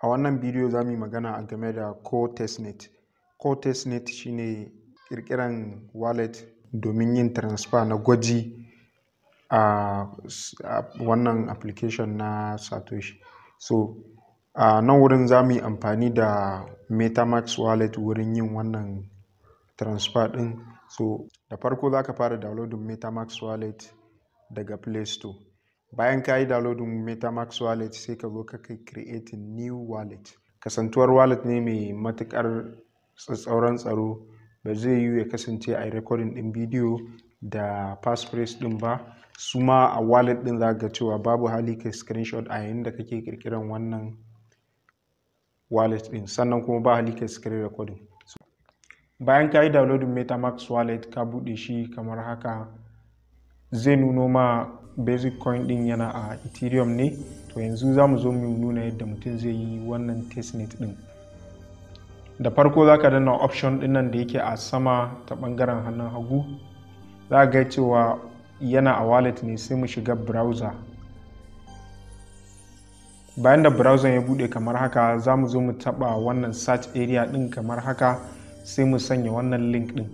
A wannan bidiyo za mu yi magana a game da Core Testnet. Core Testnet shine ƙirƙiran wallet domin yin transfer na gwaji a wannan application na Satoshi. So, a nan wurin za mu yi amfani da MetaMask wallet wurin yin wannan transfer ɗin. So, da farko za ka fara downloading MetaMask wallet daga Play Store. bayan ka yi downloading metamax wallet sai ka zo ka kai creating new wallet kasantuwar wallet ne mai matukar tsatsauran tsaro ba zai yiwu ya kasance a recording din bidiyo da passphrase din ba su ma a wallet din za ga cewa babu hali ka screenshot a yayin da kake kirkiran wannan wallet din sannan kuma ba hali ka screen recording bayan ka yi downloading metamax wallet ka buɗe shi kamar haka zai nuno ma basic coin din yana a ethereum ne to yanzu za mu zo mu nuna yadda mutum zai yi wannan testnet din da farko za ka danna option din nan da yake a sama ta bangaren hannun hagu za ga cewa yana a wallet ne sai mu shiga browser bayan da browser ya bude kamar haka za mu zo mu taba wannan search area din kamar haka sai mu sanya wannan link din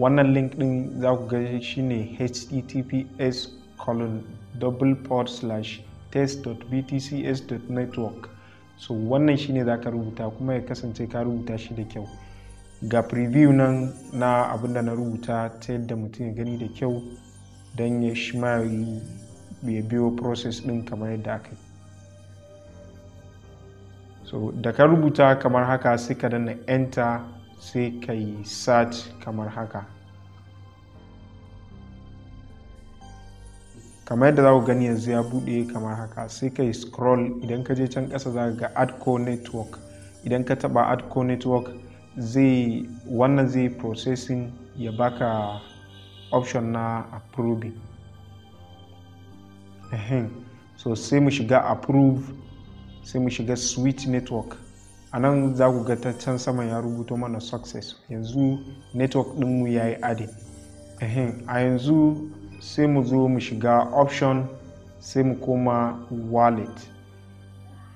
wannan link din za ku ga shine https colon double port slash test.btcs.network so wannan shine za ka rubuta kuma ya kasance ka rubuta shi da kyau ga preview nan na abin da na rubuta ta yadda mutum ya gani da kyau don ya shi ma ya biyo process din kamar yadda aka yi so da ka rubuta kamar haka sai ka danna enter sai ka yi search kamar haka kamar yadda za ku gani yanzu ya buɗe kamar haka sai ka yi scroll idan ka je can ƙasa za ga adco network idan ka taɓa adco network zai wannan zai processing ya baka option na approving so sai mu shiga approve sai mu shiga switch network a nan za ku ga ta can sama ya rubuto mana success yanzu network mu ya yi adin a yanzu sai mu zo mu shiga option sai mu koma wallet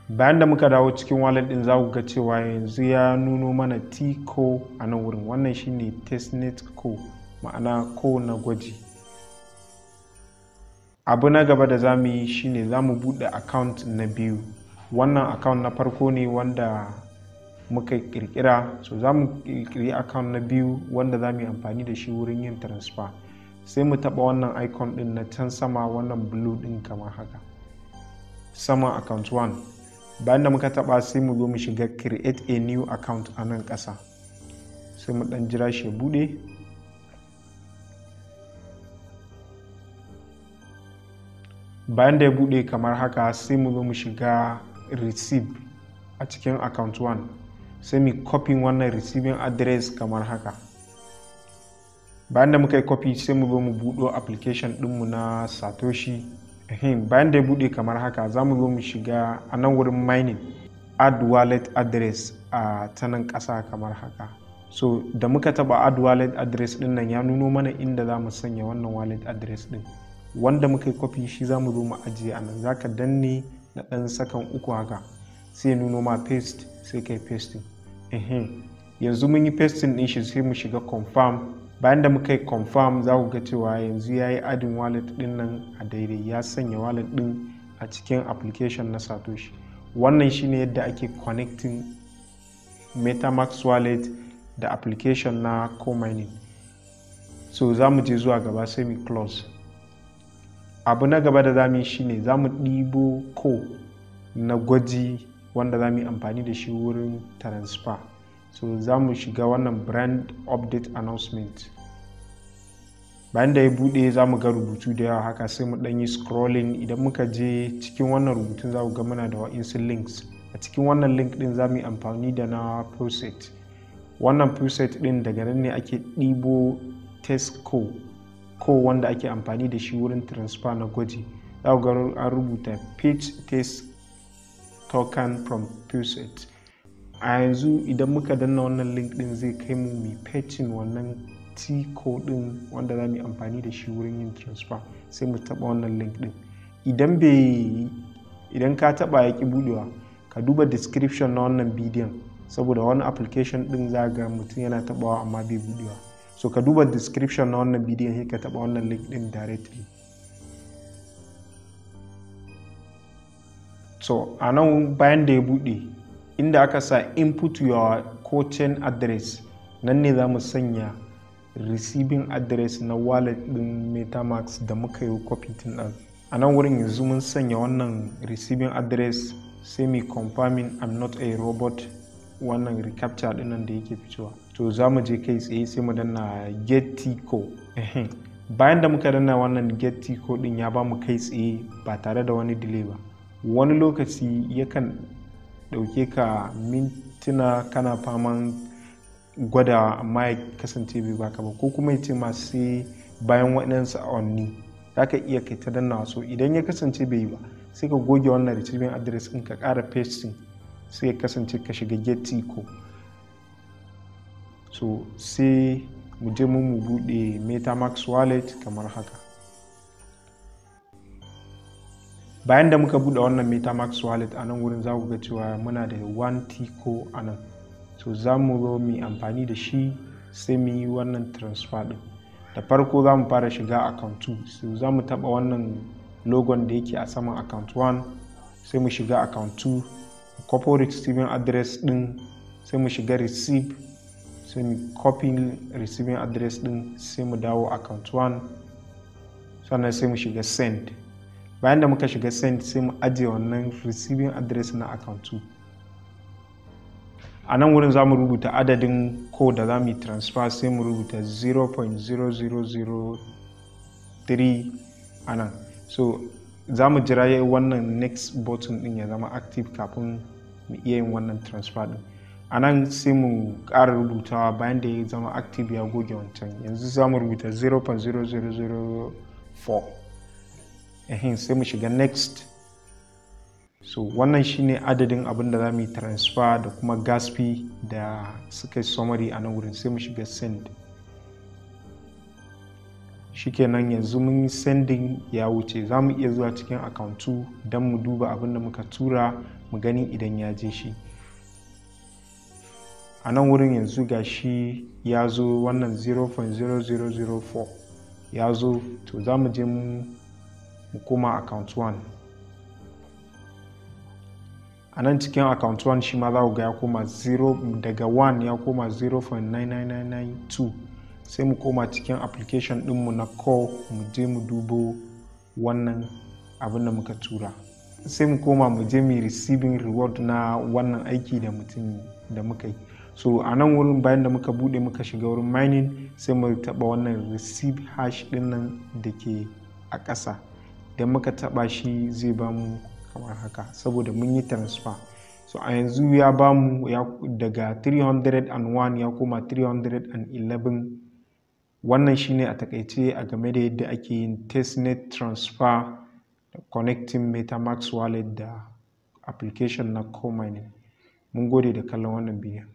bayan da muka dawo cikin wallet din za ku ga cewa yanzu ya nuno mana tco a nan wurin wannan shine testnet ko ma'ana ko na gwaji abu na gaba da za mu yi shine za mu buɗe account na biyu wannan account na farko ne wanda muka kirkira so za mu kirkiri account na biyu wanda za mu yi amfani da shi wurin yin transfer sai mu taba wannan icon din na can sama wannan blue din kamar haka sama account 1 bayan da muka taba sai mu zo mu shiga create a new account a nan ƙasa sai mu dan jira shi bude bayan da ya bude kamar haka sai mu zo mu shiga receive a cikin account 1 sai mu copy wannan receiving address kamar haka bayan da muka yi copy sai mu zo mu buɗo application ɗinmu na satoshi bayan da ya buɗe kamar haka za mu zo mu shiga a nan wurin mining add wallet address a ta nan ƙasa kamar haka so da muka taba add wallet address ɗin nan ya nuno mana inda za mu sanya wannan wallet address ɗin wanda muka yi copy shi za mu zo mu ajiye a nan za ka danne na ɗan sakan uku haka sai nuno ma paste sai kai pasting yanzu mun yi pasting din shi sai mu shiga confirm bayan da muka yi confirm za ku ga cewa yanzu ya yi adin wallet din nan a daidai ya sanya wallet din a cikin application na satoshi wannan shine yadda ake connecting metamax wallet da application na Co-mining. so za mu je zuwa gaba sai mu close abu na gaba da za mu yi shine za mu ɗibo ko na gwaji wanda za mu yi amfani da shi wurin transfer so za mu shiga wannan brand update announcement bayan da ya buɗe za mu ga rubutu da yawa haka sai mu ɗan yi scrolling idan muka je cikin wannan rubutun za mu ga muna da wa'insu links a cikin wannan link ɗin za mu yi amfani da na preset wannan preset ɗin daga nan ne ake ɗibo test ko wanda ake amfani da shi wurin transfer na gwaji za ga an rubuta page test token from pusit A yanzu idan muka danna wannan link din zai kai mu mai fetching wannan T code din wanda za mu yi amfani da shi wurin yin transfer sai mu taɓa wannan link din Idan bai idan ka taba ya ki buɗewa ka duba description na wannan bidiyon saboda wani application din za ga mutum yana tabawa amma bai buɗewa. So ka duba description na wannan bidiyon sai ka taba wannan link ɗin directly. so a nan bayan da ya buɗe inda aka sa input your coaching address nan ne za mu sanya receiving address na wallet ɗin metamax da muka yi copy tun a nan wurin yanzu mun sanya wannan receiving address sai mai confirming i'm not a robot wannan recaptcha nan da yake fitowa to za mu je kai tsaye sai mu danna get bayan da muka danna wannan get tico din ya ba mu kai tsaye ba tare da wani delay ba wani lokaci yakan ɗauke ka mintuna kana faman gwadawa amma ya kasance bai baka ba ko kuma ya ce ma sai bayan waɗannan sa'onni za ka iya kai ta danna so idan ya kasance bai yi ba sai ka goge wannan retrieving adres, in ka ƙara pasting sai ya kasance ka shiga getty ko so sai mu je mu buɗe metamax wallet kamar haka bayan da muka buɗe wannan metamax wallet a nan wurin za ku ga cewa muna da 1 tico a nan so za mu zo mu amfani da shi sai mu yi wannan transfer ɗin da farko za mu fara shiga account 2 so za mu taɓa wannan logon da yake a saman account 1 sai mu shiga account 2 copy receiving address ɗin sai mu shiga receive sai mu copy receiving address ɗin sai mu dawo account 1 sannan sai mu shiga send bayan da muka shiga send sai mu ajiye wannan receiving address na account 2 a nan wurin za mu rubuta adadin ko da za mu yi transfer sai mu rubuta 0.0003 a nan so za mu jira ya wannan next button din ya zama active kafin mu iya yin wannan transfer din a nan sai mu ƙara rubutawa bayan da ya zama active ya goge wancan yanzu za mu rubuta 0.0004 ehin sai mu shiga next so wannan shine adadin abin da za mu yi transfer da kuma gas fee da suka yi summary a nan wurin sai mu shiga send shikenan yanzu mun yi sending ya wuce za mu iya zuwa cikin account don mu duba abin da muka tura mu gani idan ya je shi a nan wurin yanzu ga shi ya zo wannan 0.0004 ya zo to za mu je mu mu koma account 1 a nan cikin account 1 shi ma za ku ga ya koma 0 daga 1 ya koma 0.99992 sai mu koma cikin application dinmu na call mu je mu dubo wannan abin da muka tura sai mu koma mu je mu receiving reward na wannan aiki da mutum da muka yi so a nan wurin bayan da muka bude muka shiga wurin mining sai mu taba wannan receive hash din nan da ke a ƙasa idan muka taɓa shi zai ba mu kamar haka saboda mun yi transfer so a yanzu ya ba mu daga 301 ya koma 311 wannan shine a takaice a game da yadda ake yin testnet transfer da connecting metamax wallet da application na comining mun gode da kallon wannan bidiyon